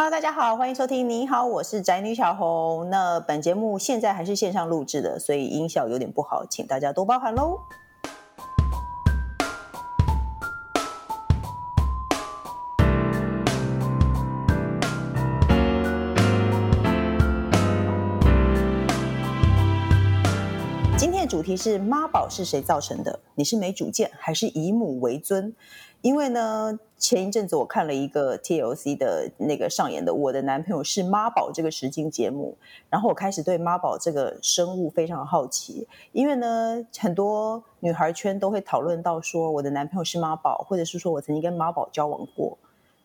Hello，大家好，歡迎收聽。您好，我是宅女小紅。那本節目現在還是線上錄制的，所以音效有點不好，請大家多包涵嘍。問題是媽寶是誰造成的？你是沒主見還是以母為尊？因為呢，前一陣子我看了一個 TLC 的那個上演的《我的男朋友是媽寶》這個實境節目，然後我開始對媽寶這個生物非常好奇。因為呢，很多女孩圈都會討論到說我的男朋友是媽寶，或者是說我曾經跟媽寶交往過。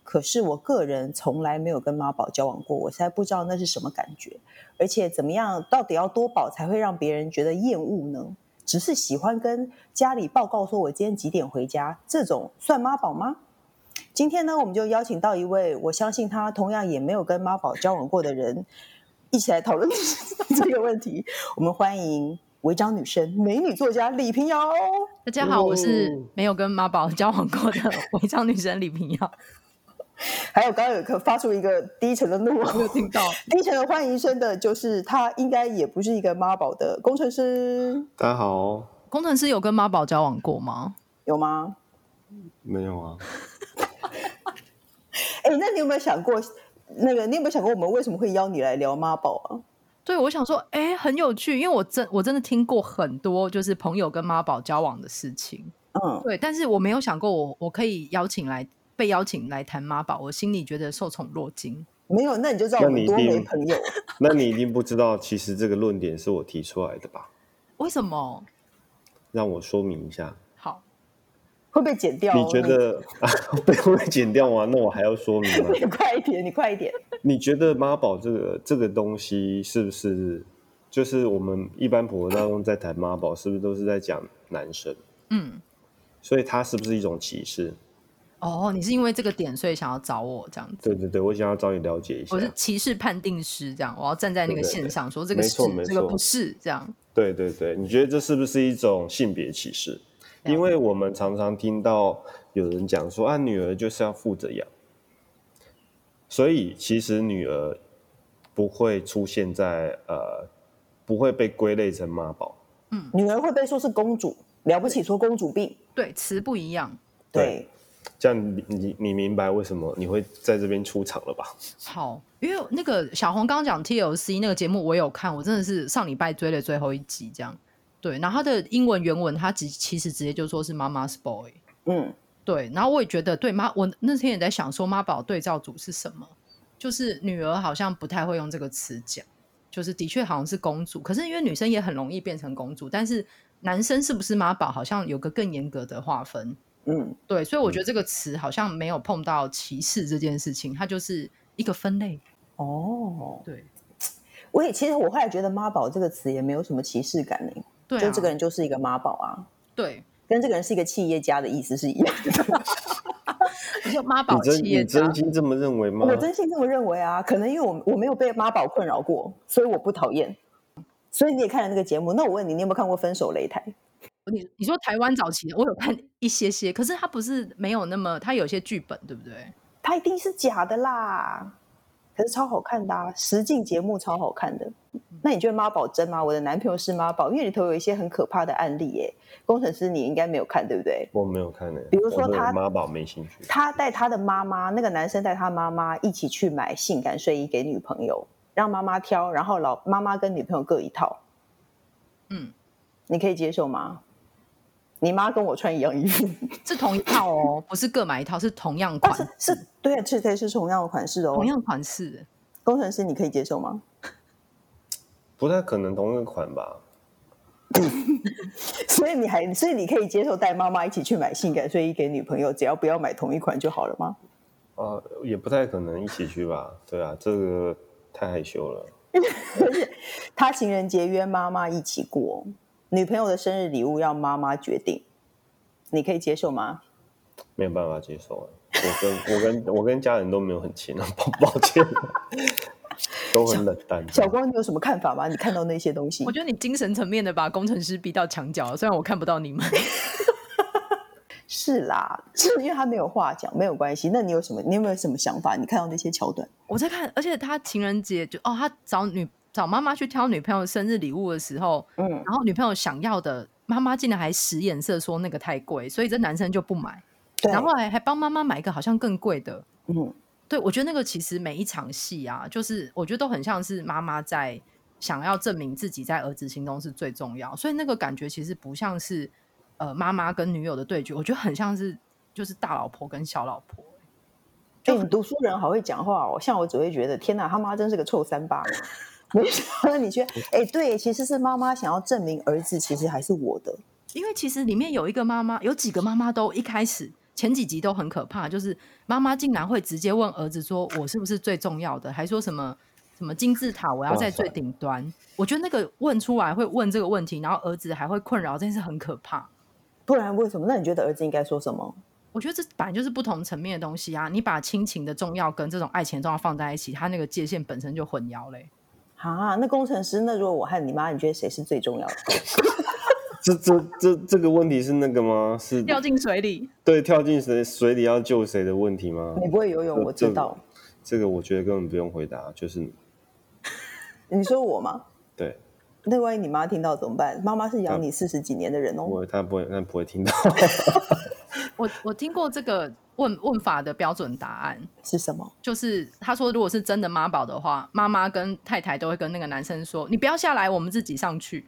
可是我個人從來沒有跟媽寶交往過，我實在不知道那是什麼感覺，而且怎麼樣，到底要多寶才會讓別人覺得厭惡呢？只是喜歡跟家裡報告說我今天幾點回家，這種算媽寶嗎？今天呢，我們就邀請到一位我相信他同樣也沒有跟媽寶交往過的人，一起來討論這個問題。 我們歡迎違章女生、美女作家李屏瑤。大家好，我是沒有跟媽寶交往過的違章女生李屏瑤。還有剛剛有可發出一個低沉的怒的，我沒有聽到低沉的歡迎聲的，就是他應該也不是一個媽寶的工程師。大家好，工程師有跟媽寶交往過嗎？有嗎？沒有啊。哎、 欸，那你有沒有想過，那個你有沒有想過，我們為什麼會邀你來聊媽寶啊？對，我想說，哎、欸，很有趣，因為我真我真的聽過很多，就是朋友跟媽寶交往的事情。嗯，對，但是我沒有想過我，我我可以邀請來。被邀請來談媽寶，我心裡覺得受寵若驚。沒有，那你就在我多年朋友， 那你一定不知道，其實這個論點是我提出來的吧？為什麼？讓我說明一下。好，會被剪掉。哦？你覺得會不會剪掉啊？ 那我還要說明嗎？啊？ 你快一點，你快一點。你覺得媽寶這個這個東西是不是就是我們一般普通大眾在談媽寶， 是不是都是在講男生？嗯，所以它是不是一種歧視？哦，你是因為這個點所以想要找我這樣子？對對對，我想要找你了解一下。我是歧視判定師，這樣我要站在那個線上對對對說這個是沒錯，這個不是這樣？對對對，你覺得這是不是一種性別歧視？因為我們常常聽到有人講說啊，女兒就是要負責養，所以其實女兒不會出現在呃，不會被歸類成媽寶。嗯，女兒會被說是公主，了不起說公主病，對,對詞不一樣，對。這樣你你明白為什麼你會在這邊出場了吧？好，因為那個小紅剛講 TLC 那個節目，我有看，我真的是上禮拜追了最後一集，這樣對。然後他的英文原文，他其實直接就說是 “Mama's boy”，嗯，對。然後我也覺得，對媽，我那天也在想說，媽寶對照組是什麼？就是女兒好像不太會用這個詞講，就是的確好像是公主，可是因為女生也很容易變成公主，但是男生是不是媽寶，好像有個更嚴格的劃分。嗯，對，所以我覺得這個詞好像沒有碰到歧視這件事情，嗯、它就是一個分類哦。對，我也其實我後來覺得“媽寶”這個詞也沒有什麼歧視感對、啊、就這個人就是一個媽寶啊。對，跟這個人是一個企業家的意思是一樣的。 你媽寶企業家你？你真心這麼認為嗎？我真心這麼認為啊。可能因為我我沒有被媽寶困擾過，所以我不討厭。所以你也看了這個節目，那我問你，你有沒有看過《分手擂台》？你，你說台灣早期的我有看一些些，可是他不是沒有那麼，他有些劇本對不對？他一定是假的啦，可是超好看的啊，實境節目，超好看的。那你覺得媽寶真嗎？我的男朋友是媽寶，因為裡頭有一些很可怕的案例耶、欸。工程師你應該沒有看對不對？我沒有看呢、欸。比如說他我說我媽寶沒興趣，他帶他的媽媽，那個男生帶他媽媽一起去買性感睡衣給女朋友，讓媽媽挑，然後老媽媽跟女朋友各一套。嗯，你可以接受嗎？你媽跟我穿一樣衣服，是同一套哦？不是各買一套，是同樣款式是。是，對啊，這是，是同樣的款式哦，同樣款式。工程師，你可以接受嗎？不太可能同一款吧。 所以你還，所以你可以接受帶媽媽一起去買性感睡衣給女朋友，只要不要買同一款就好了嗎？啊，也不太可能一起去吧。對啊，這個太害羞了。 是他情人節約媽媽一起過。女朋友的生日禮物要媽媽決定，你可以接受嗎？沒有辦法接受啊！我跟我跟我跟家人都沒有很親啊， 抱歉了， 都很冷淡。小光，小公你有什麼看法嗎？你看到那些東西，我覺得你精神層面的把工程師逼到牆角。雖然我看不到你們， 是啦，是因為他沒有話講， 沒有關係。那你有什麼？你有沒有什麼想法？你看到那些橋段，我在看，而且他情人節就哦，他找女。找媽媽去挑女朋友生日禮物的時候，嗯，然後女朋友想要的，媽媽竟然還使眼色說那個太貴，所以這男生就不買，對，然後還還幫媽媽買一個好像更貴的，嗯，對，我覺得那個其實每一場戲啊，就是我覺得都很像是媽媽在想要證明自己在兒子心中是最重要，所以那個感覺其實不像是呃媽媽跟女友的對決，我覺得很像是就是大老婆跟小老婆，欸。哎、欸，你讀書人好會講話哦，像我只會覺得天哪，他媽真是個臭三八。那 你覺得，哎、欸，對，其實是媽媽想要證明兒子其實還是我的。因為其實裡面有一個媽媽，有幾個媽媽都一開始前幾集都很可怕，就是媽媽竟然會直接問兒子說我是不是最重要的，還說什麼什麼金字塔我要在最頂端。我覺得那個問出來會問這個問題，然後兒子還會困擾，真是很可怕。不然為什麼？那你覺得兒子應該說什麼？我覺得這本來就是不同層面的東西啊。你把親情的重要跟這種愛情的重要放在一起，它那個界限本身就混淆嘞、欸。啊，那工程師，那如果我和你媽，你覺得誰是最重要的？ 這這這這個問題是那個嗎？是掉進水裡？對，跳進水水裡要救誰的問題嗎？你不會游泳，呃、我知道、這個。這個我覺得根本不用回答，就是你，你說我嗎？ 對。那萬一你媽聽到怎麼辦？媽媽是養你四十幾年的人哦。不會，她不會，她不會聽到。 我我聽過這個。問問法的標準答案是什麼？就是他說，如果是真的媽寶的話，媽媽跟太太都會跟那個男生說：“你不要下來，我們自己上去，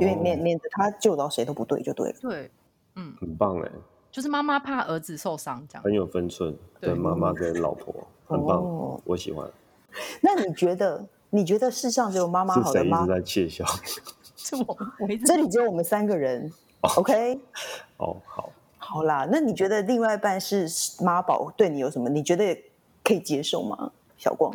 因為免免免他救到誰都不對，就對了。”對，嗯，很棒哎，欸，就是媽媽怕兒子受傷，這樣很有分寸。對，媽媽跟老婆很棒， 我喜歡。那你覺得？你覺得世上只有媽媽好嗎？是誰一直在竊笑？這 我這裡只有我們三個人。 OK，哦，好。好啦，那你覺得另外一半是媽寶，對你有什麼？你覺得可以接受嗎？小光，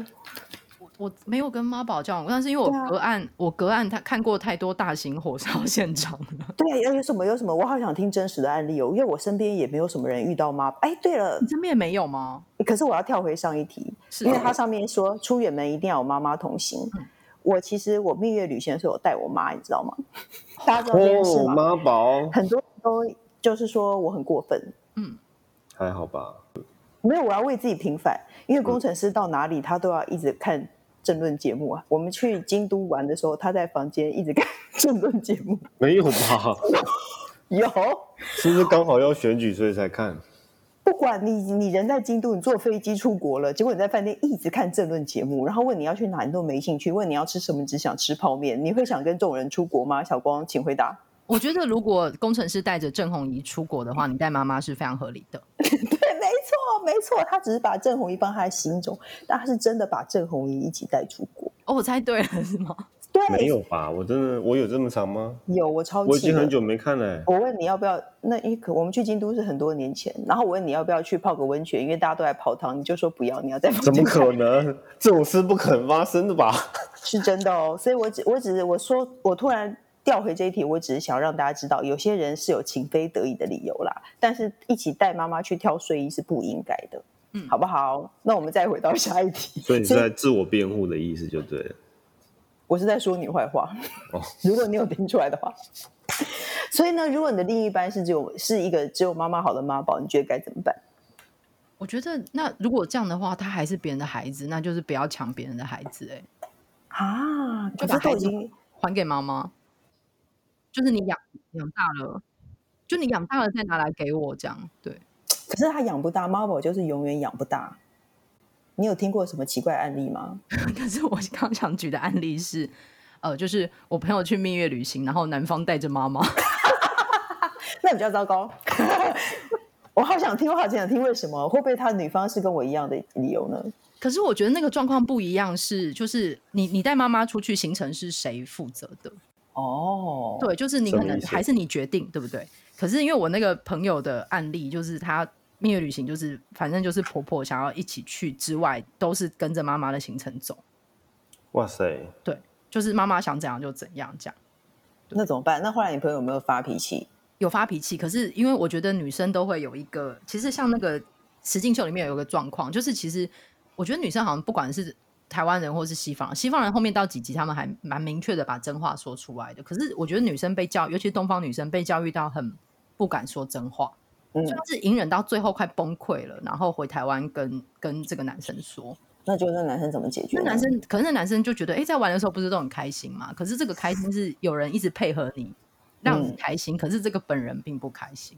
我，我沒有跟媽寶交往，但是因為我隔岸、啊，我隔岸他看過太多大型火燒現場了。對啊，要有什麼有什麼，我好想聽真實的案例哦。因為我身邊也沒有什麼人遇到媽寶。哎、欸，對了，你身邊也沒有嗎？可是我要跳回上一題，是、欸、因為它上面說出遠門一定要有媽媽同行、嗯。我其實我蜜月旅行的時候帶我媽，你知道嗎？ 哦、大家都認識媽寶，很多人都。就是說我很過分，嗯，還好吧，沒有。我要為自己平反，因為工程師到哪裡他都要一直看政論節目啊。嗯。我們去京都玩的時候，他在房間一直看政論節目，沒有吧？ 有，是不是剛好要選舉所以才看？不管你你人在京都，你坐飛機出國了，結果你在飯店一直看政論節目，然後問你要去哪，你都沒興趣，問你要吃什麼只想吃泡麵，你會想跟這種人出國嗎？小光，請回答。我覺得，如果工程師帶着鄭弘儀出國的話，你帶媽媽是非常合理的。 對，沒錯，沒錯。他只是把鄭弘儀幫他行走，但他是真的把鄭弘儀一起帶出國。哦，我猜對了，是嗎？對，沒有吧？我真的，我有這麼長嗎？有，我超。我已經很久沒看了。我問你要不要？那一我們去京都，是很多年前。然後我問你要不要去泡個溫泉，因為大家都愛泡湯，你就說不要，你要帶泡。怎麼可能？這種事不可能發生的吧？ 是真的哦，所以我只，我只是，我說，我突然。調回這一題，我只是想要讓大家知道，有些人是有情非得已的理由啦。但是一起帶媽媽去挑睡衣是不應該的，嗯，好不好？那我們再回到下一題。所以你在自我辯護的意思就對了。我是在說你壞話哦，如果你有聽出來的話。所以呢，如果你的另一半是只有是一個只有媽媽好的媽寶，你覺得該怎麼辦？我覺得，那如果這樣的話，他還是別人的孩子，那就是不要搶別人的孩子，欸。哎，啊，就把孩子還給媽媽。就是你養養大了，就你養大了再拿來給我這樣，對。可是他養不大，媽寶就是永遠養不大。你有聽過什麼奇怪案例嗎？但 是我剛想舉的案例是，呃，就是我朋友去蜜月旅行，然後男方帶着媽媽， 那比較糟糕。 我好想聽，我好想聽，為什麼？會不會他女方是跟我一樣的理由呢？可是我覺得那個狀況不一樣是，是就是你你帶媽媽出去，行程是誰負責的？哦、oh，對，就是你可能還是你決定，對不對？可是因為我那個朋友的案例，就是他蜜月旅行，就是反正就是婆婆想要一起去之外，都是跟着媽媽的行程走。哇塞，對，就是媽媽想怎樣就怎樣，這樣那怎麼辦？那後來你朋友有沒有發脾氣？有發脾氣，可是因為我覺得女生都會有一個，其實像那個《實境秀》裡面有一個狀況，就是其實我覺得女生好像不管是。台灣人或是西方人，西方人後面到幾集，他們還蠻明確的把真話說出來的。可是我覺得女生被教，尤其是東方女生被教育到很不敢說真話，就、嗯、是隱忍到最後快崩潰了，然後回台灣跟跟這個男生說，那就那男生怎麼解決？那男生可能那男生就覺得，哎、欸，在玩的時候不是都很開心嘛？可是這個開心是有人一直配合你讓你開心、嗯，可是這個本人並不開心。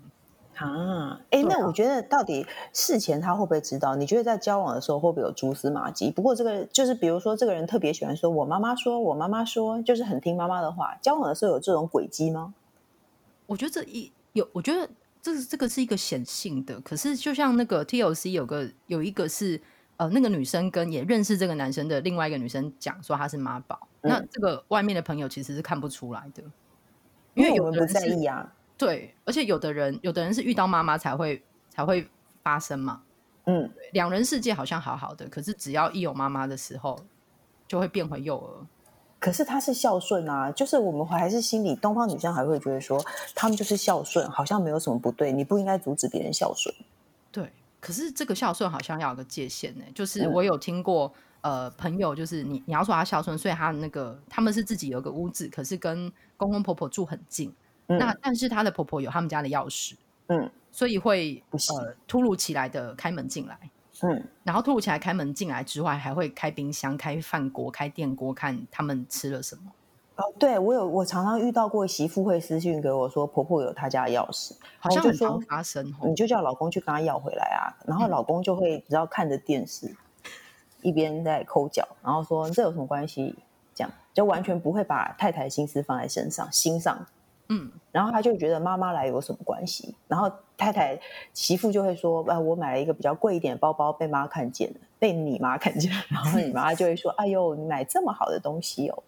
啊，哎、欸，那我覺得到底事前他會不會知道？嗯、你覺得在交往的時候會不會有蛛絲馬跡？不過這個就是，比如說這個人特別喜歡說“我媽媽說，我媽媽說”，就是很聽媽媽的話。交往的時候有這種軌跡嗎？我覺得這一有，我覺得這是這個是一個顯性的。可是就像那個 TLC 有個有一個是呃，那個女生跟也認識這個男生的另外一個女生講說她是媽寶、嗯，那這個外面的朋友其實是看不出來的，因為有人不在意啊。對，而且有的人，有的人是遇到媽媽才會才會發生嘛。嗯，兩人世界好像好好的，可是只要一有媽媽的時候，就會變回幼兒。可是他是孝順啊，就是我們還是心裡東方女生還會覺得說，他們就是孝順，好像沒有什麼不對，你不應該阻止別人孝順。對，可是這個孝順好像要有個界限呢、欸。就是我有聽過，嗯、呃，朋友就是你，你要說他孝順，所以他那個他們是自己有個屋子，可是跟公公婆婆住很近。那但是她的婆婆有他們家的鑰匙，嗯，所以會呃突如其來的開門進來，嗯，然後突如其來開門進來之外，還會開冰箱開、開飯鍋、開電鍋，看他們吃了什麼。哦，對，我有我常常遇到過媳婦會私訊給我說，婆婆有她家的鑰匙，好像就說像很神，你就叫老公去跟她要回來啊，嗯，然後老公就會只要看着電視，一邊在摳腳，然後說這有什麼關係？這樣就完全不會把太太心思放在身上心上。嗯，然後他就覺得媽媽來有什麼關係？然後太太媳婦就會說：“啊，我買了一個比較貴一點的包包，被媽看見了，被你媽看見了。”然後你媽就會說：“ 哎呦，你買這麼好的東西哦！”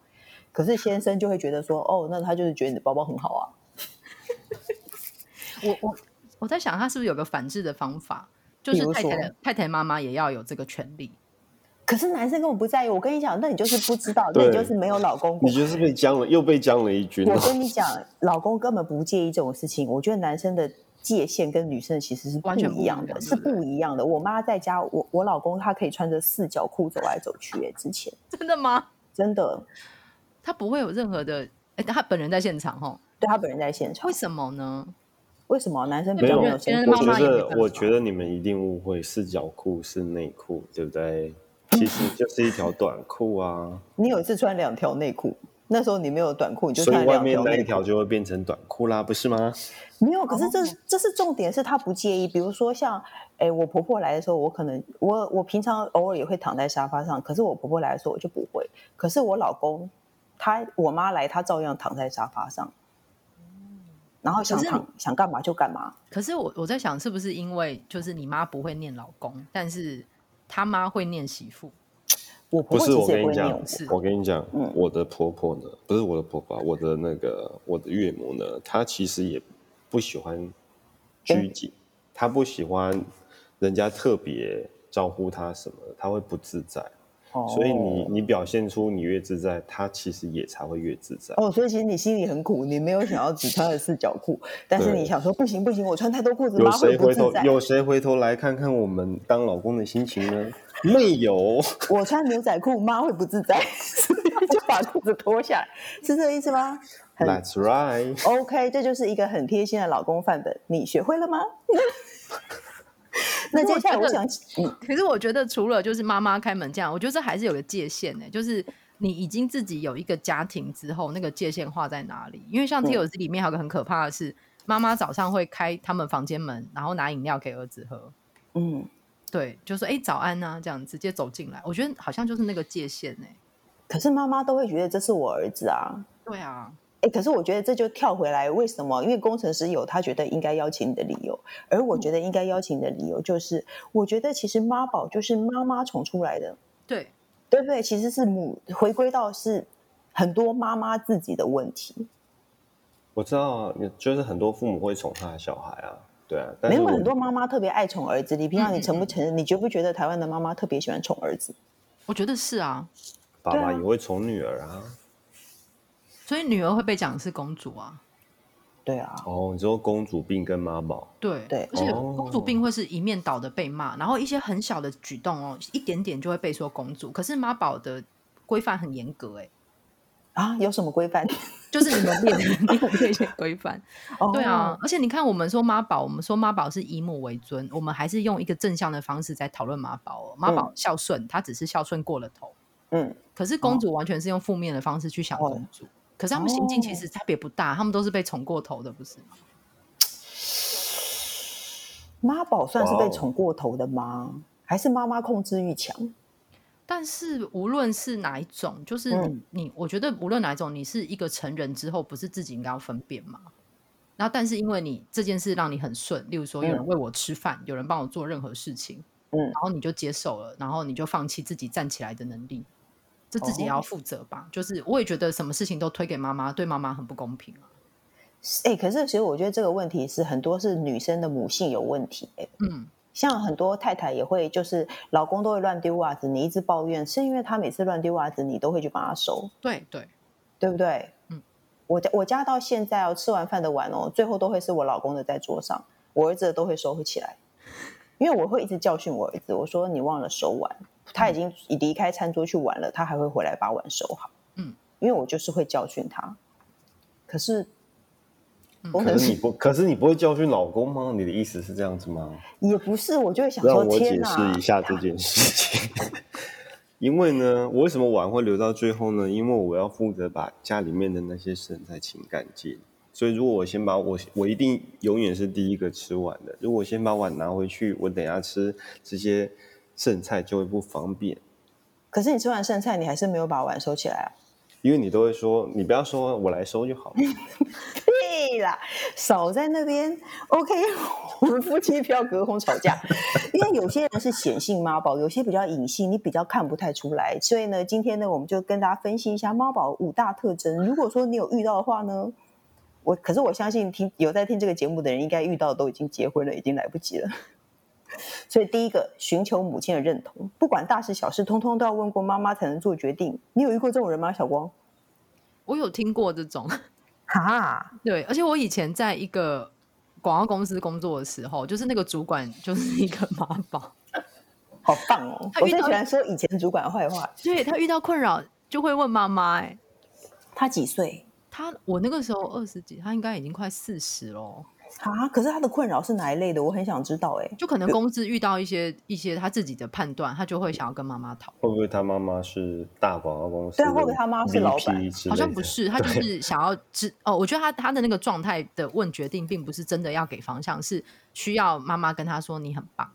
可是先生就會覺得說：“哦，那他就是覺得你的包包很好啊。” 我，我我我在想，他是不是有個反制的方法，就是太太太太媽媽也要有這個權利。可是男生根本不在意，我跟你講，那你就是不知道，那你就是沒有老公。你就是被將了，又被將了一軍。我跟你講， 老公根本不介意這種事情。我覺得男生的界限跟女生其實是完全不一樣的，是不一樣的。的我媽在家，我我老公他可以穿着四角褲走來走去，之前。真的嗎？真的，他不會有任何的。哎，他本人在現場吼，對他本人在現場。為什麼呢？為什麼男生比較沒有？我覺得，我覺得你們一定誤會，四角褲是內褲，對不對？其實就是一條短褲啊！ 你有一次穿兩條內褲，那時候你沒有短褲，你就穿了兩條內褲。所以外面那一條就會變成短褲啦，不是嗎？沒有，可是這是、哦、這是重點，是她不介意。比如說像，哎、欸，我婆婆來的時候，我可能我我平常偶爾也會躺在沙發上，可是我婆婆來的時候我就不會。可是我老公，他我媽來，他照樣躺在沙發上，然後想躺是想幹嘛就幹嘛。可是我我在想，是不是因為就是你媽不會念老公，但是。他媽會念媳婦。不是，我跟你講、我跟你講，我的婆婆呢、嗯，不是我的婆婆，我的那個我的岳母呢，她其實也不喜歡拘謹、欸，她不喜歡人家特別招呼她什麼，她會不自在，所以你你表現出你越自在，他其實也才會越自在。哦、Oh，所以其實你心裡很苦，你沒有想要只穿了四角褲， 但是你想說不行不行，我穿太多褲子，媽會不自在。有誰回頭？有誰回頭來看看我們當老公的心情呢？ 沒有。我穿牛仔褲，媽會不自在， 就把褲子脫下來，是這個意思嗎？很 ……That's right. OK，這就是一個很貼心的老公範本，你學會了嗎？ 那接下來我想，可是我覺得除了就是媽媽開門這樣，我覺得這還是有個界限呢。就是你已經自己有一個家庭之後，那個界限畫在哪裡？因為像《t e a 裡面還有個很可怕的是，嗯，媽媽早上會開他們房間門，然後拿飲料給兒子喝。嗯，對，就說哎，早安啊這樣直接走進來，我覺得好像就是那個界限呢。可是媽媽都會覺得這是我兒子啊。嗯，對啊。欸、可是我覺得這就跳回來，為什麼？因為工程師有他覺得應該邀請你的理由，而我覺得應該邀請你的理由就是，我覺得其實媽寶就是媽媽寵出來的，對對不對？其實是母回歸到是很多媽媽自己的問題。我知道、啊，你就是很多父母會寵他的小孩啊，對啊，但是，沒有很多媽媽特別愛寵兒子。你平常你承不承認、嗯？你覺不覺得台灣的媽媽特別喜歡寵兒子？我覺得是啊。爸媽也會寵女兒啊。所以女兒會被講是公主啊，對啊。哦，你說公主病跟媽寶，對對，而且公主病會是一面倒的被罵、哦，然後一些很小的舉動哦，一點點就會被說公主。可是媽寶的規範很嚴格哎，啊，有什麼規範？就是你們不能， 你這些規範、哦。對啊，而且你看我們說媽寶，我們說媽寶是以母為尊，我們還是用一個正向的方式在討論媽寶、哦。媽寶孝，孝順、嗯，她只是孝順過了頭。嗯，可是公主完全是用負面的方式去想公主。哦可是他們心境其實差別不大，oh. 他們都是被寵過頭的，不是嗎？媽寶算是被寵過頭的嗎？Wow. 還是媽媽控制欲強？但是無論是哪一種，就是你，嗯、我覺得無論哪一種，你是一個成人之後，不是自己應該要分辨嗎？那但是因為你這件事讓你很順，例如說有人餵我吃飯、嗯，有人幫我做任何事情，嗯，然後你就接受了，然後你就放棄自己站起來的能力。是自己也要負責吧，oh, 就是我也覺得什麼事情都推給媽媽、嗯，對媽媽很不公平、啊。哎、欸，可是其實我覺得這個問題是很多是女生的母性有問題、欸。嗯，像很多太太也會，就是老公都會亂丟襪子，你一直抱怨，是因為他每次亂丟襪子，你都會去幫他收。對對，對不對？嗯，我家我家到現在哦，吃完飯的碗哦，最後都會是我老公的在桌上，我兒子都會收不起來，因為我會一直教訓我兒子，我說你忘了收碗。他已經離開餐桌去玩了，他還會回來把碗收好。嗯，因為我就是會教訓他。可是，嗯，可是，可是你不，可是你不會教訓老公嗎？你的意思是這樣子嗎？也不是，我就會想說，天哪，解釋一下這件事情。因為呢，我為什麼碗會留到最後呢？因為我要負責把家裡面的那些剩菜清乾淨。所以，如果我先把我，我一定永遠是第一個吃完的。如果我先把碗拿回去，我等下吃這些。直接剩菜就會不方便。可是你吃完剩菜，你還是沒有把碗收起來啊？因為你都會說，你不要說“我來收”就好了。 對啦，少在那邊。OK，我們夫妻不要隔空吵架。 因為有些人是顯性媽寶，有些比較隱性，你比較看不太出來。所以呢，今天呢，我們就跟大家分析一下媽寶五大特徵。如果說你有遇到的話呢，我可是我相信聽有在聽這個節目的人，應該遇到的都已經結婚了，已經來不及了。所以，第一個尋求母親的認同，不管大事小事，通通都要問過媽媽才能做決定。你有遇過這種人嗎，小光？我有聽過這種，哈，對。而且我以前在一個廣告公司工作的時候，就是那個主管就是一個媽寶， 好棒哦，他遇到。我最喜歡說以前的主管的壞話。所以他遇到困擾就會問媽媽，哎，他幾歲？他，我那個時候二十幾，他應該已經快四十了。啊！可是他的困擾是哪一類的？我很想知道欸。哎，就可能公司遇到一些一些他自己的判斷，他就會想要跟媽媽討。會不會他媽媽是大廣告公司？對啊，會不會他媽是老闆？好像不是，他就是想要知哦。我覺得他他的那個狀態的問決定，並不是真的要給方向，是需要媽媽跟他說你很棒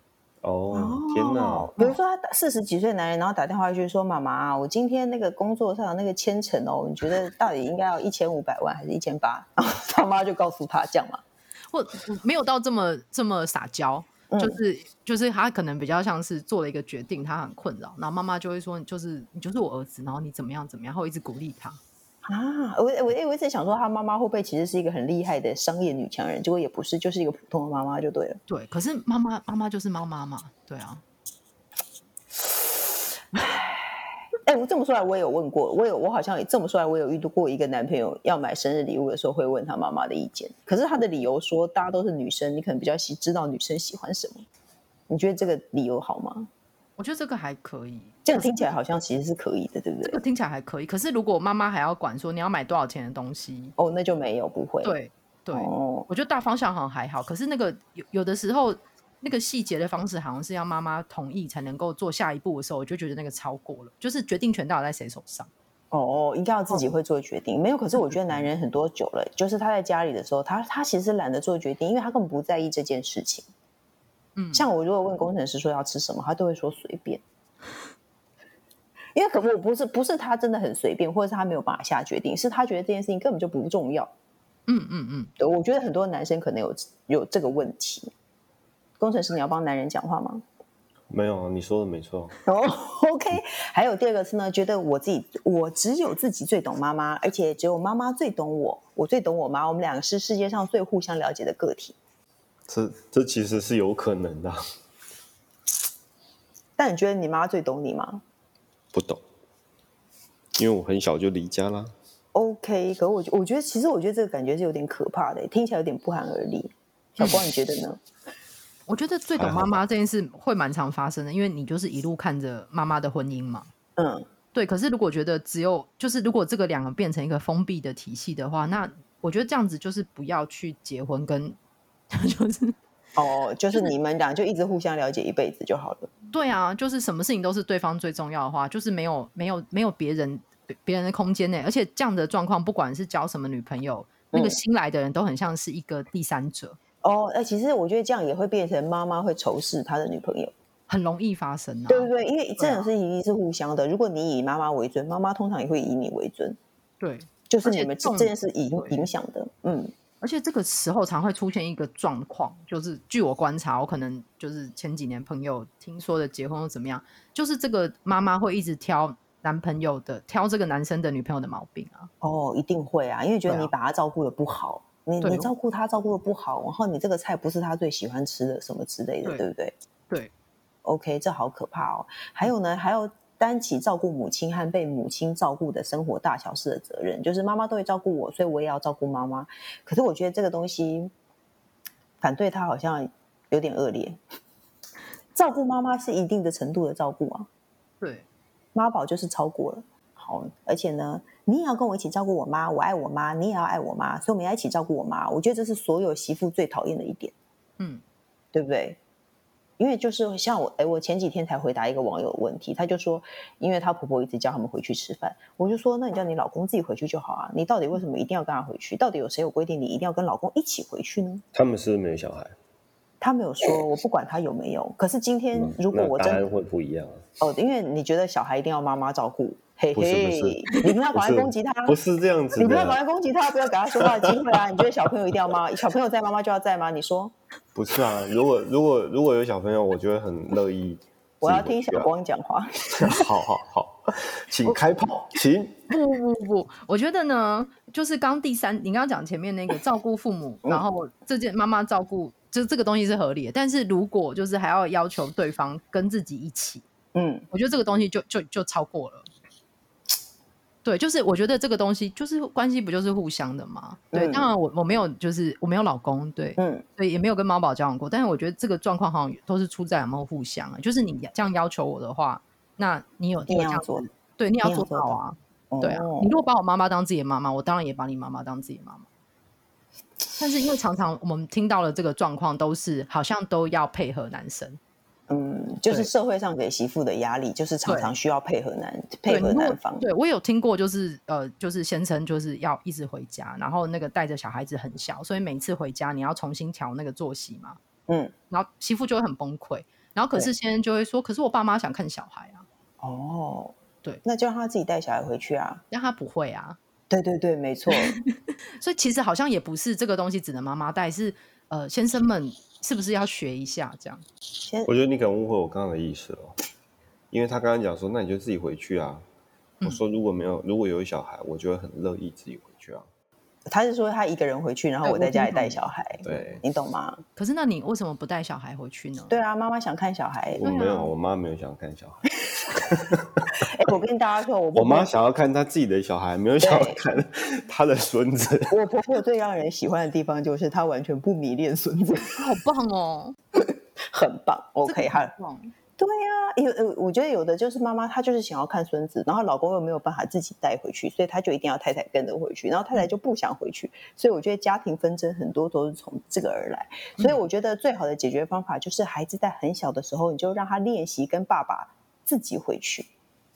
哦。哦，天哪！比如說他四十幾歲男人，然後打電話就說媽媽、哦，我今天那個工作上那個千層哦，你覺得到底應該要一千五百萬還是一千八？然後他媽就告訴他這樣嘛。或沒有到這麼這麼撒嬌，就是、嗯、就是他可能比較像是做了一個決定，他很困擾，然後媽媽就會說，就是你就是我兒子，然後你怎麼樣怎麼樣，然後一直鼓勵他啊。我我，我一直想說，他媽媽會不會其實是一個很厲害的商業女強人？結果也不是，就是一個普通的媽媽就對了。對，可是媽媽媽媽就是媽媽嘛，對啊。哎、欸，我這麼說來，我也有問過，我有我好像也這麼說來，我有遇到過一個男朋友要買生日禮物的時候，會問他媽媽的意見。可是他的理由說，大家都是女生，你可能比較喜知道女生喜歡什麼。你覺得這個理由好嗎？我覺得這個還可以，這個聽起來好像其實是可以的，對不對？這個、聽起來還可以。可是如果媽媽還要管說你要買多少錢的東西，哦，那就沒有，不會。對對、哦，我覺得大方向好像還好。可是那個有有的時候。那個細節的方式好像是要媽媽同意才能夠做下一步的時候，我就覺得那個超過了，就是決定權到底在誰手上？哦，應該要自己會做決定、嗯，沒有。可是我覺得男人很多久了，嗯、就是他在家裡的時候，他他其實懶得做決定，因為他根本不在意這件事情、嗯。像我如果問工程師說要吃什麼，他都會說隨便、嗯。因為可能我不是不是他真的很隨便，或者是他沒有辦法下決定，是他覺得這件事情根本就不重要。嗯嗯嗯，對，我覺得很多男生可能有有這個問題。工程師，你要幫男人講話嗎？沒有啊。你說的沒錯。哦，OK。還有第二個是呢？覺得我自己，我只有自己最懂媽媽，而且只有媽媽最懂我，我最懂我媽。我們兩個是世界上最互相了解的個體。這這其實是有可能的。但你覺得你媽最懂你嗎？不懂，因為我很小就離家啦。OK，可我我覺得，其實我覺得這個感覺是有點可怕的，聽起來有點不寒而栗。小光，你覺得呢？我覺得最懂媽媽這件事會蠻常發生的，啊，因為你就是一路看着媽媽的婚姻嘛。嗯，對。可是如果覺得只有就是如果這個兩個變成一個封閉的體系的話，那我覺得這樣子就是不要去結婚跟，跟就是哦，就是你們倆就一直互相了解一輩子就好了。對啊，就是什麼事情都是對方最重要的話，就是沒有沒有沒有別人別人的空間呢。而且這樣的狀況，不管是交什麼女朋友，嗯，那個新來的人都很像是一個第三者。哦，哎，其實我覺得這樣也會變成媽媽會仇視他的女朋友，很容易發生啊。對不對？因為這種事情一直是互相的，啊。如果你以媽媽為尊，媽媽通常也會以你為尊。對，就是你們這件事影影響的。嗯，而且這個時候常會出現一個狀況，就是據我觀察，我可能就是前幾年朋友聽說的結婚又怎麼樣，就是這個媽媽會一直挑男朋友的挑這個男生的女朋友的毛病啊。哦、oh，一定會啊，因為覺得你把他照顧得不好。你，你照顧他照顧得不好，然後你這個菜不是他最喜歡吃的，什麼之類的，對，對不對？對，OK，這好可怕哦。還有呢，還要擔起照顧母親和被母親照顧的生活大小事的責任，就是媽媽都會照顧我，所以我也要照顧媽媽。可是我覺得這個東西反對他好像有點惡劣。照顧媽媽是一定的程度的照顧啊，對，媽寶就是超過了，好，而且呢。你也要跟我一起照顧我媽，我愛我媽，你也要愛我媽，所以我們要一起照顧我媽。我覺得這是所有媳婦最討厭的一點，嗯，對不對？因為就是像我，哎，我前幾天才回答一個網友的問題，他就說，因為他婆婆一直叫他們回去吃飯，我就說，那你叫你老公自己回去就好啊。你到底為什麼一定要跟他回去？到底有誰有規定你一定要跟老公一起回去呢？他們是不是沒有小孩？他沒有說，我不管他有沒有。嗯，可是今天如果我真的，那答案會不一樣啊。哦，因為你覺得小孩一定要媽媽照顧。嘿嘿，你不要趕快攻擊他，不是這樣子。你不要趕快攻擊他，不要給他說話的機會啊！ 你覺得小朋友一定要嗎？小朋友在，媽媽就要在嗎？你說不是啊？如果如果如果有小朋友，我覺得很樂意我。我要聽小光講話。 好好好，請開炮，請不不不不，我覺得呢，就是剛第三，你剛剛講前面那個照顧父母、嗯，然後這件媽媽照顧，就這個東西是合理的。但是如果就是還要要求對方跟自己一起，嗯，我覺得這個東西就就就超過了。對，就是我覺得這個東西就是關係，不就是互相的嗎？嗯、對，當然我我沒有，就是我沒有老公，對，嗯，所以也沒有跟媽寶交往過。但是我覺得這個狀況好像都是出在有沒有互相、欸，就是你這樣要求我的話，那你有這樣做，對，你要做好啊，好啊對啊、哦。你如果把我媽媽當自己的媽媽，我當然也把你媽媽當自己的媽媽。但是因為常常我們聽到的這個狀況，都是好像都要配合男生。嗯，就是社會上給媳婦的壓力，就是常常需要配合男配合男方。對，我有聽過，就是呃，就是先生就是要一直回家，然後那個帶着小孩子很小，所以每次回家你要重新調那個作息嘛。嗯，然後媳婦就會很崩潰，然後可是先生就會說：“可是我爸媽想看小孩啊。”哦，對，那就讓他自己帶小孩回去啊，讓他不會啊。對對對，對，沒錯。 所以其實好像也不是這個東西，只能媽媽帶，是呃，先生們。是不是要學一下這樣？我覺得你可能誤會我剛剛的意思了喔，因為他剛剛講說，那你就自己回去啊。我說如果沒有，嗯，如果有小孩，我就會很樂意自己回去啊。他是說他一個人回去，然後我在家裡帶小孩對。對，你懂嗎？可是那你為什麼不帶小孩回去呢？對啊，媽媽想看小孩。我沒有，我媽沒有想看小孩。 欸、我跟大家說我，我媽想要看她自己的小孩，沒有想要看她的孫子。我婆婆最讓人喜歡的地方就是她完全不迷戀孫子， 好棒哦，很棒。OK，很棒，她對呀、啊，因為我覺得有的就是媽媽她就是想要看孫子，然後老公又沒有辦法自己帶回去，所以她就一定要太太跟着回去，然後太太就不想回去，所以我覺得家庭紛爭很多都是從這個而來。嗯、所以我覺得最好的解決方法就是孩子在很小的時候，你就讓他練習跟爸爸。自己回去，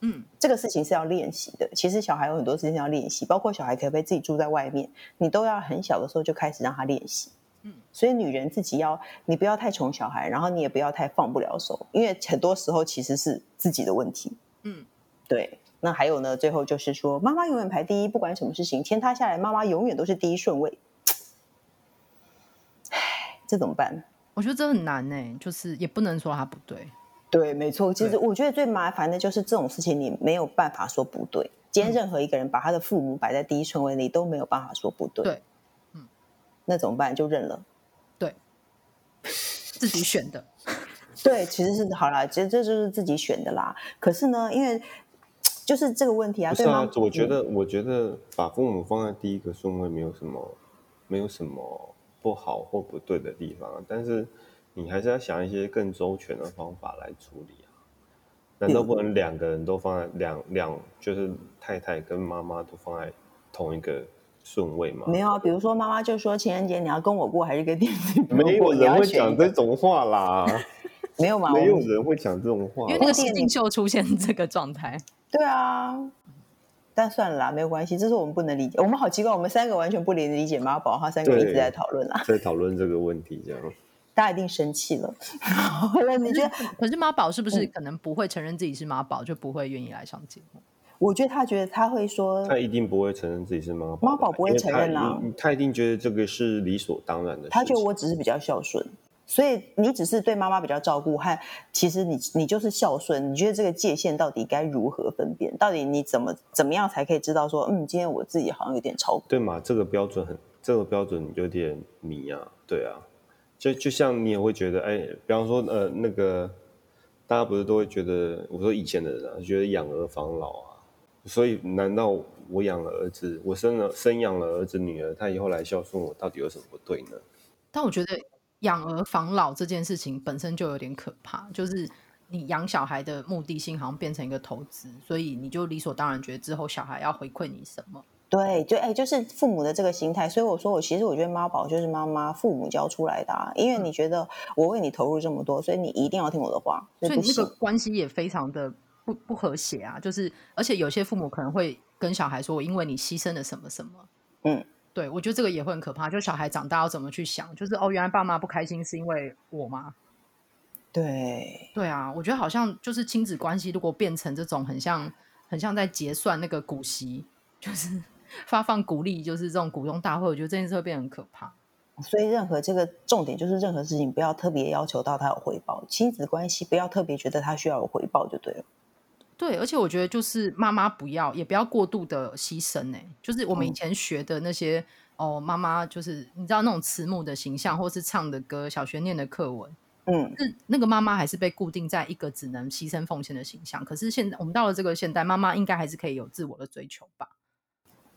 嗯，這個事情是要練習的。其實小孩有很多事情要練習，包括小孩可不可以被自己住在外面，你都要很小的時候就開始讓他練習，嗯。所以女人自己要，你不要太寵小孩，然後你也不要太放不了手，因為很多時候其實是自己的問題，嗯，對。那還有呢，最後就是說，媽媽永遠排第一，不管什麼事情，天塌下來，媽媽永遠都是第一順位。唉，這怎麼辦？我覺得這很難呢、欸，就是也不能說他不對。對，沒錯。其實我覺得最麻煩的就是這種事情，你沒有辦法說不對，對。今天任何一個人把他的父母擺在第一順位，你都沒有辦法說不對，對。那怎麼辦？就認了。對，自己選的。對，其實是好啦，其實這就是自己選的啦。可是呢，因為就是這個問題啊，是啊，對，所以我覺得，我覺得把父母放在第一個順位，沒有什麼，沒有什麼不好或不對的地方。但是。你還是要想一些更周全的方法來處理啊？難道不能兩個人都放在兩、嗯、兩，就是太太跟媽媽都放在同一個順位嗎？沒有啊，比如說媽媽就說情人節你要跟我過還是跟電競？沒有人會講這種話啦， 沒有嘛？沒有人會講這種話啦， 因為那個電競秀出現這個狀態， 對啊。但算了啦，沒有關係，這是我們不能理解，我們好奇怪，我們三個完全不能理解媽寶，他三個一直在討論啊， 在討論這個問題這樣。大家一定生氣了 你覺得？可是媽寶是不是可能不會承認自己是媽寶、嗯，就不會願意來上節目？我覺得他覺得他會說，他一定不會承認自己是媽寶，媽寶不會承認啊他，他一定覺得這個是理所當然的事情。他覺得我只是比較孝順，所以你只是對媽媽比較照顧，和其實你你就是孝順。你覺得這個界限到底該如何分辨？到底你怎麼怎麼樣才可以知道說，嗯，今天我自己好像有點超過？對嘛？這個標準很，這個標準有點迷啊，對啊。就就像你也會覺得，哎，比方說，呃，那個，大家不是都會覺得，我說以前的人啊，覺得養兒防老啊，所以難道我養了兒子，我生了生養了兒子女兒，他以後來孝順我，到底有什麼不對呢？但我覺得養兒防老這件事情本身就有點可怕，就是你養小孩的目的性好像變成一個投資，所以你就理所當然覺得之後小孩要回饋你什麼。對，就哎、欸，就是父母的這個心態，所以我說，我其實我覺得媽寶就是媽媽父母教出來的啊，因為你覺得我為你投入這麼多，所以你一定要聽我的話。所以你這個關係也非常的不不和諧啊，就是而且有些父母可能會跟小孩說：“我因為你犧牲了什麼什麼。”嗯，對，我覺得這個也會很可怕。就小孩長大要怎麼去想？就是哦，原來爸媽不開心是因為我嗎？對，對啊，我覺得好像就是親子關係，如果變成這種很像很像在結算那個股息，就是。發放鼓勵，就是這種股東大會，我覺得這件事會變得很可怕。所以，任何這個重點就是任何事情不要特別要求到他有回報。親子關係不要特別覺得他需要有回報就對了。對，而且我覺得就是媽媽不要也不要過度的犧牲哎、欸，就是我們以前學的那些、嗯、哦，媽媽就是你知道那種慈母的形象，或是唱的歌、小學念的課文，嗯，是那個媽媽還是被固定在一個只能犧牲奉獻的形象？可是現在我們到了這個現代，媽媽應該還是可以有自我的追求吧。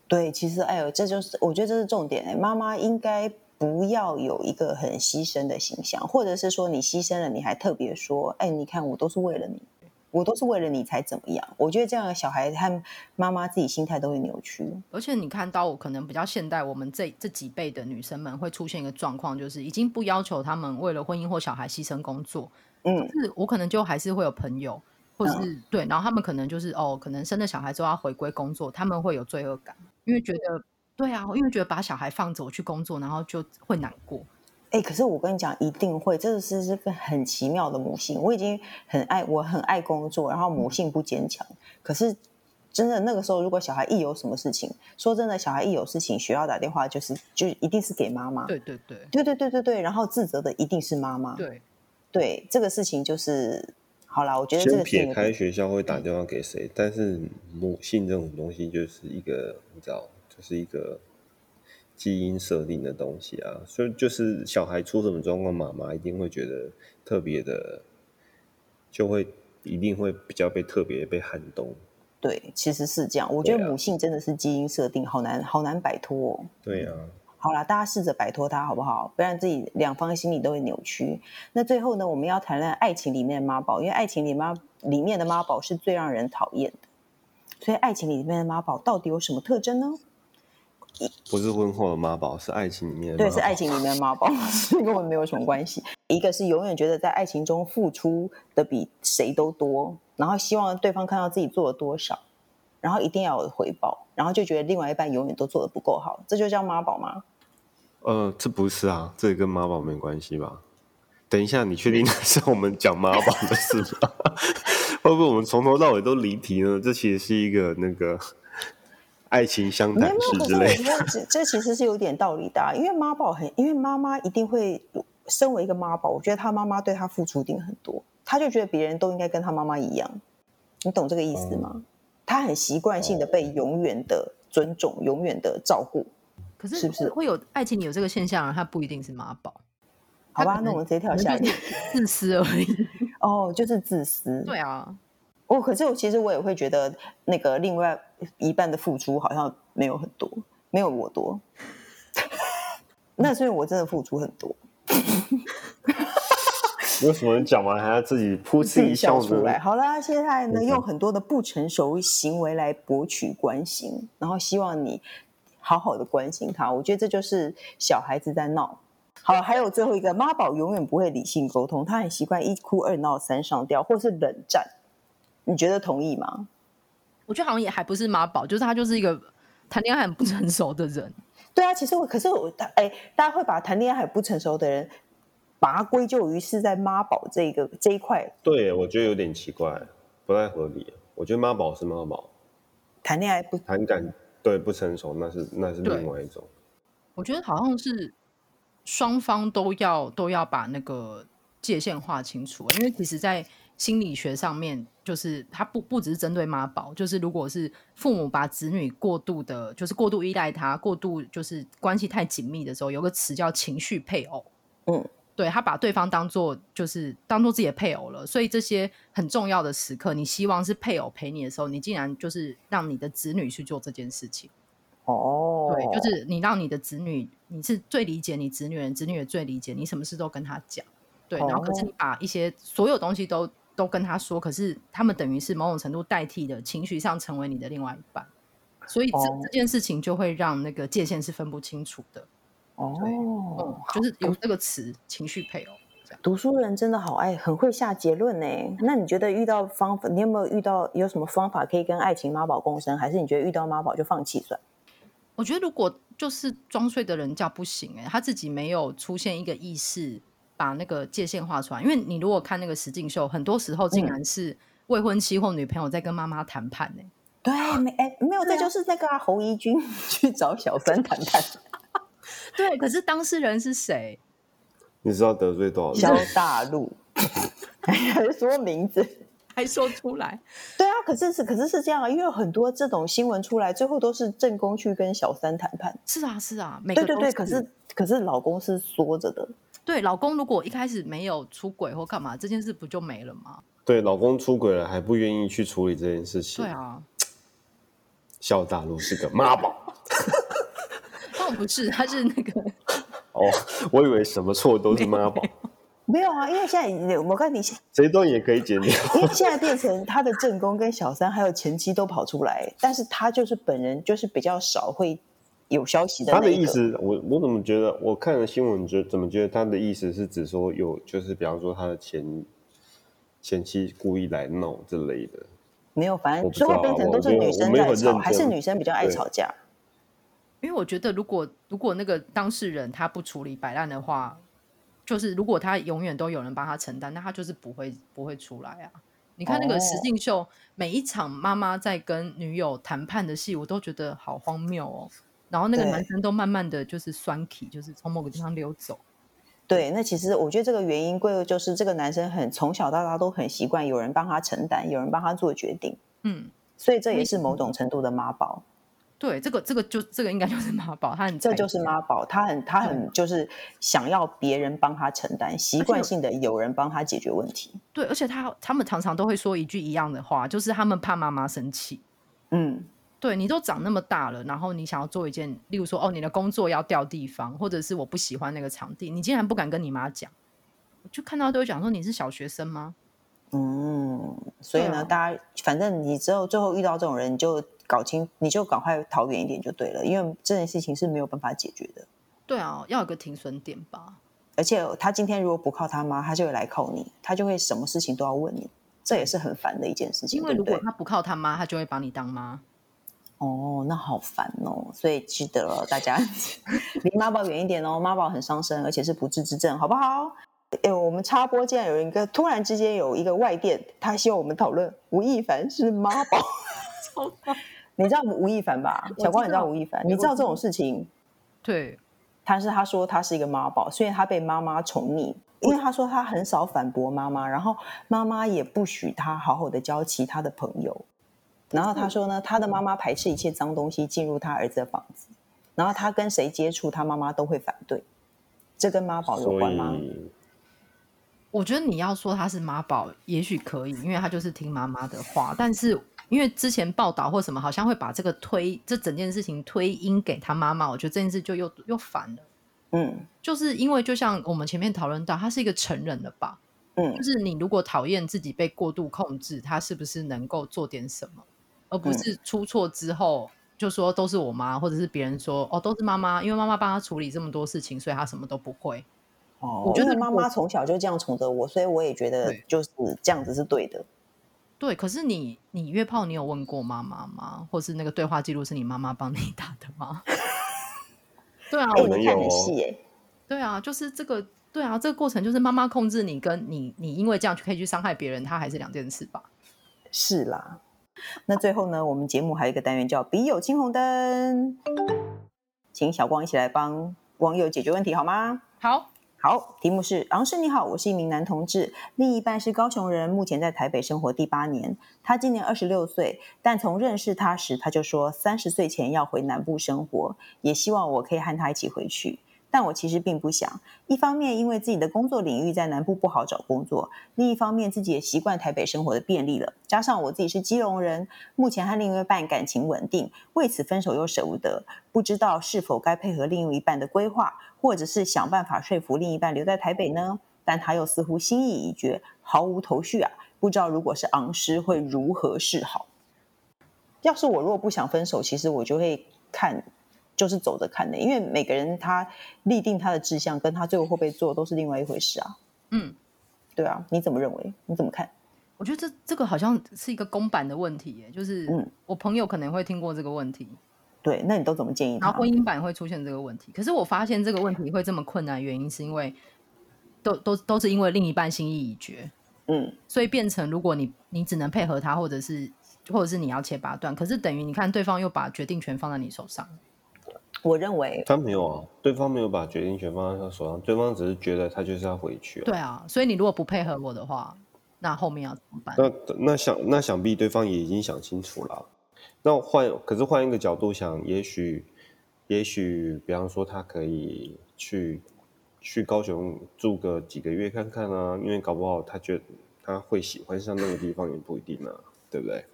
對，其實哎呦，這就是我覺得這是重點哎。媽媽應該不要有一個很犧牲的形象，或者是說你犧牲了，你還特別說，哎，你看我都是為了你，我都是為了你才怎麼樣？我覺得這樣，小孩他媽媽自己心態都會扭曲。而且你看到，我可能比較現代，我們這這幾輩的女生們會出現一個狀況，就是已經不要求他們為了婚姻或小孩犧牲工作。嗯，就是我可能就還是會有朋友，或者是、嗯、對，然後他們可能就是哦，可能生了小孩之後要回歸工作，他們會有罪惡感。因為覺得對啊，因為覺得把小孩放走去工作，然後就會難過。哎、欸，可是我跟你講，一定會，這個是是個很奇妙的母性。我已經很愛，我很愛工作，然後母性不堅強。可是真的那個時候，如果小孩一有什麼事情，說真的，小孩一有事情，學校打電話就是就一定是給媽媽。對對對，對對對對。然後自責的一定是媽媽。對對，這個事情就是。好了，我覺得先撇開學校會打電話給誰，但是母性這種東西就是一個你知道，就是一個基因設定的東西啊，所以就是小孩出什麼狀況，媽媽一定會覺得特別的，就會一定會比較被特別被撼動。對，其實是這樣，我覺得母性真的是基因設定，啊、好難好難擺脫、哦。對啊。好啦，大家試着擺脫他好不好？不然自己兩方心裡都會扭曲。那最後呢，我們要談論愛情裡面的媽寶，因為愛情裡媽裡面的媽寶是最讓人討厭的。所以，愛情裡面的媽寶到底有什麼特徵呢？不是婚後的媽寶，是愛情裡面的，對，是愛情裡面的媽寶， 跟我們沒有什麼關係。一個是永遠覺得在愛情中付出的比誰都多，然後希望對方看到自己做了多少。然後一定要有回報，然後就覺得另外一半永遠都做得不夠好，這就叫媽寶嗎？呃，這不是啊，這跟媽寶沒關係吧？等一下，你確定那是我們講媽寶的事嗎？ 會不會我們從頭到尾都離題呢？這其實是一個那個愛情相談事之類的沒有沒有。這這其實是有點道理的啊， 因為媽寶很，因為媽媽一定會身為一個媽寶，我覺得他媽媽對他付出一定很多，他就覺得別人都應該跟他媽媽一樣，你懂這個意思嗎？嗯他很習慣性的被永遠的尊重、嗯、永遠的照顧，可是是不是會有愛情有這個現象，啊？他不一定是媽寶，好吧，那我們直接跳下，自私而已。哦、 oh,，就是自私。對啊，我、oh, 可是我其實我也會覺得那個另外一半的付出好像沒有很多，沒有我多。 那所以我真的付出很多。 為什麼你講完還要自己噗嗤一笑，笑出來？好了，現在呢，用很多的不成熟行為來博取關心，然後希望你好好的關心他。我覺得這就是小孩子在鬧。好，還有最後一個，媽寶永遠不會理性溝通，他很習慣一哭二鬧三上吊，或是冷戰。你覺得同意嗎？我覺得好像也還不是媽寶，就是他就是一個談戀愛很不成熟的人。對啊，其實我可是我，哎、欸，大家會把談戀愛很不成熟的人。把它歸咎於是在媽寶這一個這一塊，對，我覺得有點奇怪，不太合理。我覺得媽寶是媽寶，談戀愛不談感，對不成熟，那是那是另外一種。我覺得好像是雙方都要都要把那個界限劃清楚，因為其實，在心理學上面，就是他不不只是針對媽寶，就是如果是父母把子女過度的，就是過度依賴他，過度就是關係太緊密的時候，有個詞叫情緒配偶。嗯。對他把對方當做就是當做自己的配偶了，所以這些很重要的時刻，你希望是配偶陪你的時候，你竟然就是讓你的子女去做這件事情。哦、oh.，對，就是你讓你的子女，你是最理解你子女的，子女也最理解你，什麼事都跟他講。對，oh. 然後可是你把一些所有東西都都跟他說，可是他們等於是某種程度代替的情緒上成為你的另外一半，所以這、oh. 這件事情就會讓那個界限是分不清楚的。哦、嗯，就是有這個詞“嗯、情緒配偶”這樣。讀書人真的好愛，很會下結論呢。那你覺得遇到方法，你有沒有遇到有什麼方法可以跟愛情媽寶共生？還是你覺得遇到媽寶就放棄算？我覺得如果就是裝睡的叫不行哎，他自己沒有出現一個意識，把那個界限畫出來。因為你如果看那個實境秀，很多時候竟然是未婚妻或女朋友在跟媽媽談判呢、嗯。對，沒哎，沒有，啊、這就是這個侯怡君去找小三談判。 對，可是當事人是誰？你知道得罪多少人？蕭大陸，哎呀，有什麼名字還說出來？對啊，可是是，可是是這樣啊，因為很多這種新聞出來，最後都是正宮去跟小三談判。是啊，是啊，每個對對對，可是可是老公是縮着的。對，老公如果一開始沒有出軌或幹嘛，這件事不就沒了嗎？對，老公出軌了還不願意去處理這件事情。對啊，蕭大陸是個媽寶。 不是，他是那個。 哦，我以為什麼錯都是媽寶。沒有，沒，有 沒有啊，因為現在我看你，這段也可以剪掉。 因為現在變成他的正宮跟小三還有前妻都跑出來，但是他就是本人就是比較少會有消息的。他的意思，我我怎麼覺得？我看了新聞，覺怎麼覺得他的意思是指說有就是，比方說他的前前妻故意來鬧之類的。沒有，反正最後變成都是女生在吵，還是女生比較愛吵架。因為我覺得，如果如果那個當事人他不處理擺爛的話，就是如果他永遠都有人幫他承擔，那他就是不會不會出來啊。你看那個實境秀、哦、每一場媽媽在跟女友談判的戲，我都覺得好荒謬哦。然後那個男生都慢慢的就是酸氣，就是從某個地方溜走。對，那其實我覺得這個原因歸就是這個男生很從小到大都很習慣有人幫他承擔，有人幫他做決定。嗯，所以這也是某種程度的媽寶。嗯對這個，這個就這個應該就是媽寶，他很這就是媽寶，他很他很就是想要別人幫他承擔，習慣性的有人幫他解決問題。對，而且他他們常常都會說一句一樣的話，就是他們怕媽媽生氣。嗯，對你都長那麼大了，然後你想要做一件，例如說哦你的工作要調地方，或者是我不喜歡那個場地，你竟然不敢跟你媽講。就看到都會講說你是小學生嗎？嗯，所以呢，哦、大家反正你之後最後遇到這種人你就。搞清你就趕快逃遠一點就對了，因為這件事情是沒有辦法解決的。對啊，要有一個停損點吧。而且他今天如果不靠他媽，他就會來靠你，他就會什麼事情都要問你，這也是很煩的一件事情，嗯對對。因為如果他不靠他媽，他就會把你當媽。哦，那好煩哦。所以記得了大家離媽寶遠一點哦，媽寶很傷身，而且是不治之症，好不好？哎、欸，我們插播，竟然有一個突然之間有一個外電，他希望我們討論吳亦凡是媽寶。 你知道吳亦凡吧？小光也知道吳亦凡？你知道這種事情？對，他是他說他是一個媽寶，所以他被媽媽寵溺，因為他說他很少反駁媽媽，然後媽媽也不許他好好的交其他的朋友。然後他說呢，他的媽媽排斥一切髒東西進入他兒子的房子，然後他跟誰接觸，他媽媽都會反對。這跟媽寶有關嗎？我覺得你要說他是媽寶，也許可以，因為他就是聽媽媽的話，但是。因為之前報道或什麼，好像會把這個推這整件事情推音給他媽媽，我覺得這件事就又又煩了。嗯，就是因為就像我們前面討論到，他是一個成人了吧？嗯，就是你如果討厭自己被過度控制，他是不是能夠做點什麼，而不是出錯之後、嗯、就說都是我媽，或者是別人說哦都是媽媽，因為媽媽幫他處理這麼多事情，所以他什麼都不會。哦，我覺得媽媽從小就這樣寵着我，所以我也覺得就是這樣子是對的。對對，可是你你約炮，你有問過媽媽嗎？或是那個對話記錄是你媽媽幫你打的嗎？ 對啊，我、哎、看演戲耶。對啊，就是這個，對啊，這個過程就是媽媽控制你，跟你，你因為這樣去可以去傷害別人，它還是兩件事吧？是啦。那最後呢，我們節目還有一個單元叫“筆友青紅燈”，請小光一起來幫網友解決問題好嗎？好。好，題目是昂士你好，我是一名男同志，另一半是高雄人，目前在台北生活第八年。他今年二十六歲，但從認識他時，他就說三十歲前要回南部生活，也希望我可以和他一起回去。但我其實並不想，一方面因為自己的工作領域在南部不好找工作，另一方面自己也習慣台北生活的便利了。加上我自己是基隆人，目前和另一半感情穩定，為此分手又舍不得，不知道是否該配合另一半的規劃，或者是想辦法說服另一半留在台北呢？但他又似乎心意已決，毫無頭緒啊！不知道如果是昂師會如何是好？要是我如果不想分手，其實我就會看。就是走着看的，欸，因為每個人他立定他的志向，跟他最後會不會做都是另外一回事啊。嗯，對啊，你怎麼認為？你怎麼看？我覺得這這個好像是一個公版的問題耶，欸，就是我朋友可能會聽過這個問題。嗯、問題對，那你都怎麼建議他？然後婚姻版會出現這個問題，可是我發現這個問題會這麼困難，原因是因為都都都是因為另一半心意已決，嗯，所以變成如果你你只能配合他，或者是或者是你要切八段，可是等於你看對方又把決定權放在你手上。我認為他沒有啊，對方沒有把決定權放在他手上，對方只是覺得他就是要回去啊。對啊，所以你如果不配合我的話，那後面要怎麼辦？那那想那想必對方也已經想清楚了。那我換可是換一個角度想，也許也許，比方說他可以去去高雄住個幾個月看看啊，因為搞不好他覺得他會喜歡上那個地方也不一定啊， 對不對？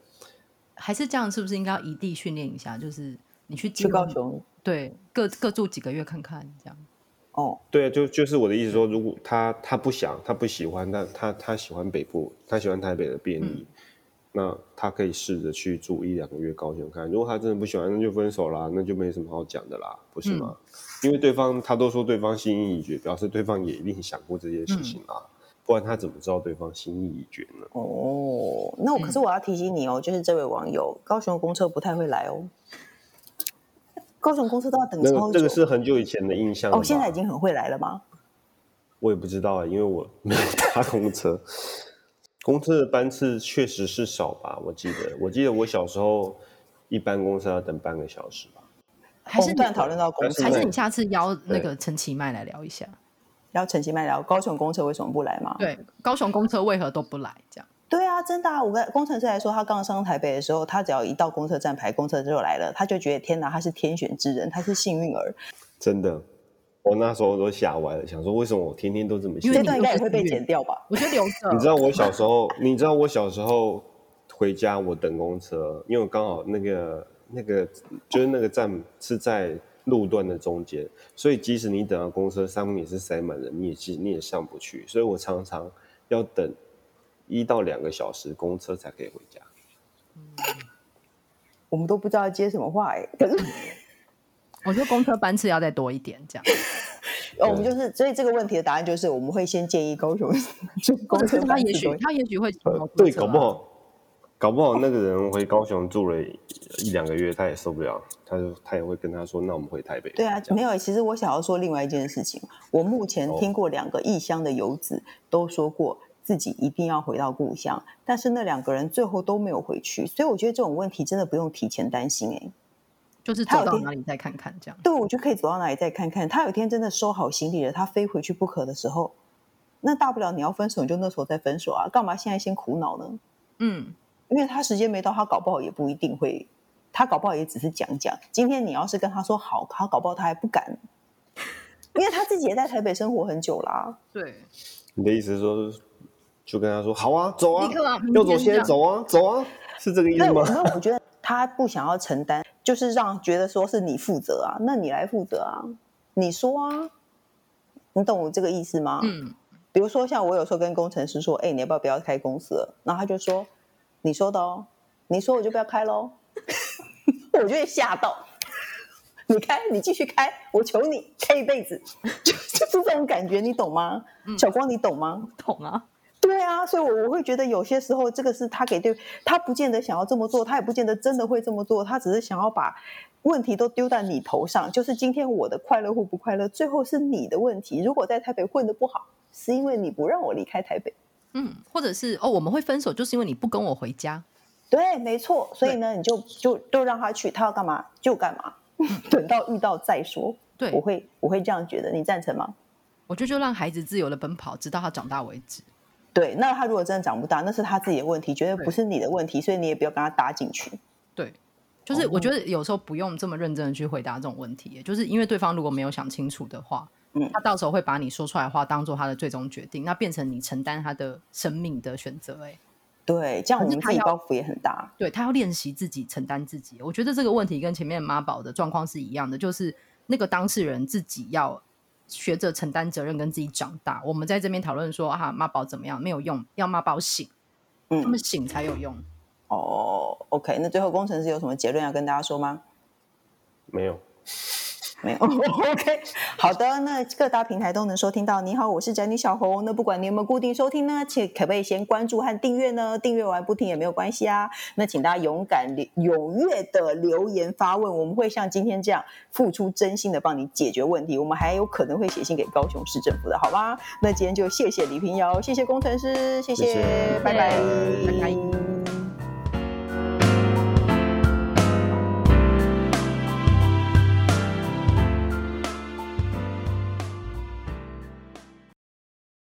還是這樣，是不是應該要移地訓練一下？就是你去去高雄。對，各各，住幾個月看看這樣。哦，對、啊，就就是我的意思說，如果他他不想，他不喜歡，他他他喜歡北部，他喜歡台北的便利，嗯、那他可以試着去住一兩個月高雄看。如果他真的不喜歡，那就分手啦，那就沒什麼好講的啦，不是嗎？嗯、因為對方他都說對方心意已決，表示對方也一定想過這件事情啦、嗯。不然他怎麼知道對方心意已決呢？哦，那我可是我要提醒你哦，嗯、就是這位網友，高雄的公車不太會來哦。高雄公車都要等超久，那個，這個是很久以前的印象哦，現在已經很會來了嗎？我也不知道啊，因為我沒有搭公車。 公車的班次確實是少吧？我記得，我記得我小時候，一般公車要等半個小時吧。還是突然討論到公車，還是你下次邀那個陳其邁來聊一下？邀陳其邁聊高雄公車為什麼不來嘛？對，高雄公車為何都不來？這樣。對啊，真的啊！我跟工程師來說，他剛剛上台北的時候，他只要一到公車站牌，公車就來了，他就覺得天哪，他是天選之人，他是幸運兒。真的，我那時候都嚇歪了，想說，為什麼我天天都這麼幸運？這段應該也會被剪掉吧？我覺得留着。你知道我小時候， 你知道我小時候回家，我等公車，因為我剛好那個那個就是那個站是在路段的中間，所以即使你等到公車上面也是塞滿人，你也你也上不去，所以我常常要等。一到兩個小時公車才可以回家，嗯、我們都不知道接什麼話哎，是 我說公車班次要再多一點這樣、 哦，我們就是所以這個問題的答案就是我們會先建議高雄，公車他也許他也許，他也許會、呃、對，搞不好、哦、搞不好那個人回高雄住了一兩個月，他也受不了，他就他也會跟他說，那我們回台北。對啊，沒有，其實我想要說另外一件事情，我目前聽過兩個異鄉的游子都說過。哦自己一定要回到故鄉，但是那兩個人最後都沒有回去，所以我覺得這種問題真的不用提前擔心哎、欸。就是走到哪裡再看看，這樣對我就可以走到哪裡再看看。他有一天真的收好行李了，他非回去不可的時候，那大不了你要分手你就那時候再分手啊，幹嘛現在先苦惱呢？嗯，因為他時間沒到，他搞不好也不一定會，他搞不好也只是講講。今天你要是跟他說好，他搞不好他還不敢， 因為他自己也在台北生活很久啦、啊。對，你的意思是說？就跟他說好啊，走啊，要走先走啊，走啊，是這個意思嗎？那我，我覺得他不想要承擔，就是讓覺得說是你負責啊，那你來負責啊，你說啊，你懂我這個意思嗎？嗯，比如說像我有時候跟工程師說，哎，你要不要不要開公司了？然後他就說，你說的哦，你說我就不要開嘍， 我就會嚇到，你開你繼續開，我求你開一輩子，就 就是這種感覺，你懂嗎？嗯、小光，你懂嗎？懂啊。對啊，所以，我我會覺得有些時候，這個是他給對，他不見得想要這麼做，他也不見得真的會這麼做，他只是想要把問題都丟在你頭上。就是今天我的快樂或不快樂，最後是你的問題。如果在台北混得不好，是因為你不讓我離開台北。嗯，或者是哦，我們會分手，就是因為你不跟我回家。對，沒錯。所以呢，你就就都讓他去，他要幹嘛就幹嘛，等到遇到再說。對，我會我會這樣覺得，你贊成嗎？我覺得就讓孩子自由的奔跑，直到他長大為止。對，那他如果真的長不大，那是他自己的問題，絕對不是你的問題，所以你也不要跟他搭進去。對，就是我覺得有時候不用這麼認真的去回答這種問題，就是因為對方如果沒有想清楚的話，嗯，他到時候會把你說出來的話當作他的最終決定，那變成你承擔他的生命的選擇。哎，對，這樣我們自己包袱也很大。他，對，他要練習自己承擔自己，我覺得這個問題跟前面媽寶的狀況是一樣的，就是那個當事人自己要。學者承擔責任跟自己長大。我們在這邊討論說，啊媽寶怎麼樣沒有用，要媽寶醒，他們醒才有用。嗯、哦，OK，那最後工程師有什麼結論要、啊、跟大家說嗎？沒有。 Okay. 好的，那各大平台都能收聽到。你好，我是宅女小紅。那不管你有沒有固定收聽呢，請可不可以先關注和訂閱呢？訂閱完不聽也沒有關係啊。那請大家勇敢、踴躍的留言發問，我們會像今天這樣付出真心的幫你解決問題。我們還有可能會寫信給高雄市政府的，好嗎？那今天就謝謝李屏瑤，謝謝工程師，謝謝，謝謝拜拜，拜拜。